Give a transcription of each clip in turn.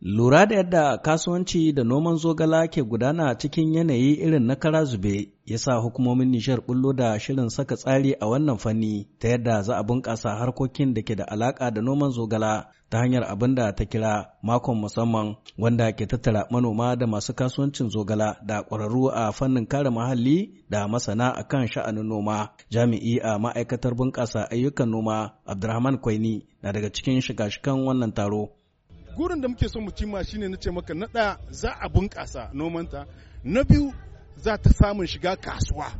Lura da yadda kasuwanci da noman zogala ke gudana cikin yanayi irin na kara zube ya sa hukumomin Nishar bullo da shirin saka tsari a wannan fanni ta yadda za a bunƙasa harkokin da ke da alaƙa da noman zogala ta hanyar abin da ta kira makon musamman wanda ke tattara manoma da masu kasuwancin zogala da ƙwararru a fannin kare muhalli da masana a kan sha'anin noma. Jami'i a ma'aikatar bunƙasa ayyukan noma Abdurrahman Kwaini na daga cikin shiga-shikan wannan taro. gurin da muke son mu cimma shine na ce maka na ɗaya za a bunƙasa nomanta na biyu za ta samun shiga kasuwa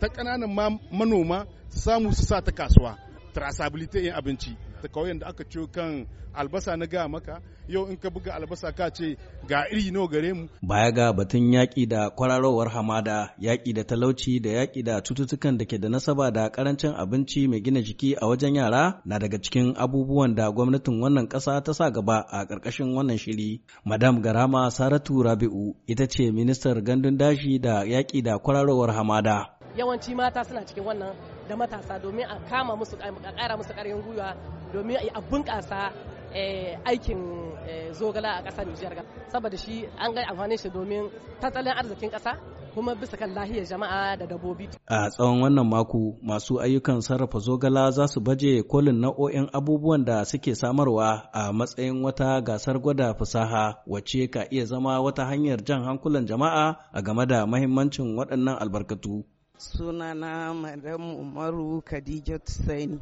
ta ƙananan manoma samu su sa ta kasuwa traceability yin abinci ta kauyen da aka ciyo kan albasa na ga maka yau in ka buga albasa ka ce ga iri no gare mu baya ga batun yaƙi da kwararowar hamada yaƙi da talauci da yaƙi da cututtukan da ke da nasaba da karancin abinci mai gina jiki a wajen yara na daga cikin abubuwan da gwamnatin wannan ƙasa ta sa gaba a ƙarƙashin wannan shiri madam garama saratu rabi'u ita ce ministar gandun dashi da yaƙi da kwararowar hamada yawanci mata suna cikin wannan da matasa domin a kama musu a kara musu gwiwa domin a bunkasa eh, aikin eh, zogala a ƙasar Nijar saboda shi an ga amfanin shi domin tattalin arzikin ƙasa kuma bisa kan lahiyar jama'a da dabbobi. A tsawon wannan mako masu ayyukan sarrafa zogala za su baje kolin nau'o'in abubuwan da suke samarwa a matsayin wata gasar gwada fasaha wacce ka iya zama wata hanyar jan hankulan jama'a a game da mahimmancin waɗannan albarkatu. sunana madam umaru khadijat saini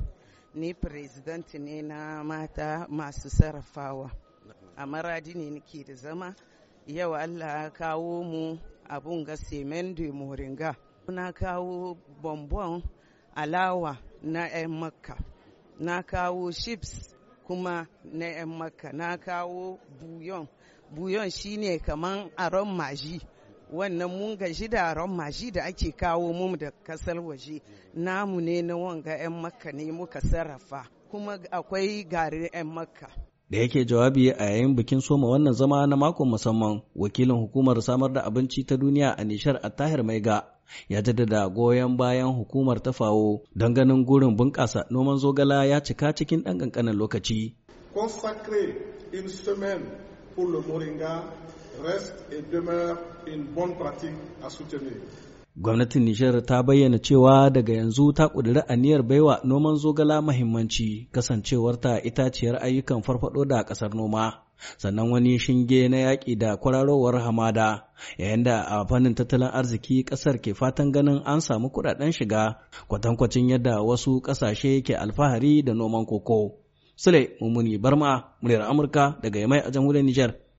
ni president ne na mata masu sarrafawa a maradi ne nake da zama yau allah kawo mu abun ga semen moringa na kawo bonbon alawa na 'yan makka na kawo chips kuma na 'yan makka na kawo buyon buyon shine kaman aron maji wannan mungan shi da ramma shi da ake kawo mu da kasar waje namu ne na wanga 'yan makka ne muka sarrafa kuma akwai garin 'yan makka da yake jawabi a yayin bikin soma wannan zama na makon musamman wakilin hukumar samar da abinci ta duniya a nishar attahir maiga ya jaddada goyon bayan hukumar ta fawo don ganin gurin bunƙasa noman zogala ya cika cikin ɗan ƙanƙanin lokaci Consacré une semaine pour le Moringa reste et demeure Gwamnatin Nijar ta bayyana cewa daga yanzu ta ƙudiri aniyar baiwa noman zogala mahimmanci kasancewarta itaciyar ayyukan farfado da ƙasar noma. Sannan wani shinge na yaƙi da kwararowar hamada, yayin da a fannin tattalin arziki ƙasar ke fatan ganin an samu kuɗaɗen shiga kwatankwacin yadda wasu ƙasashe ke alfahari da noman koko. Sule Mumuni Barma, muryar Amurka daga Yamai a jamhuriyar Nijar.